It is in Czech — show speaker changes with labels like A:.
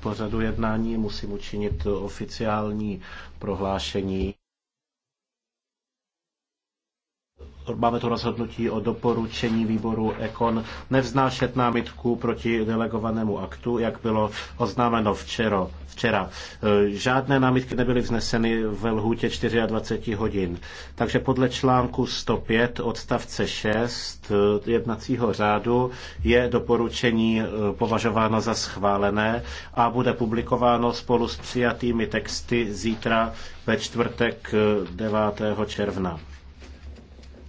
A: pořadu jednání musím učinit oficiální prohlášení. máme to rozhodnutí o doporučení výboru EKON nevznášet námitku proti delegovanému aktu, jak bylo oznámeno včero, včera. E, žádné námitky nebyly vzneseny ve lhůtě 24 hodin. Takže podle článku 105 odstavce 6 e, jednacího řádu je doporučení e, považováno za schválené a bude publikováno spolu s přijatými texty zítra ve čtvrtek 9. června.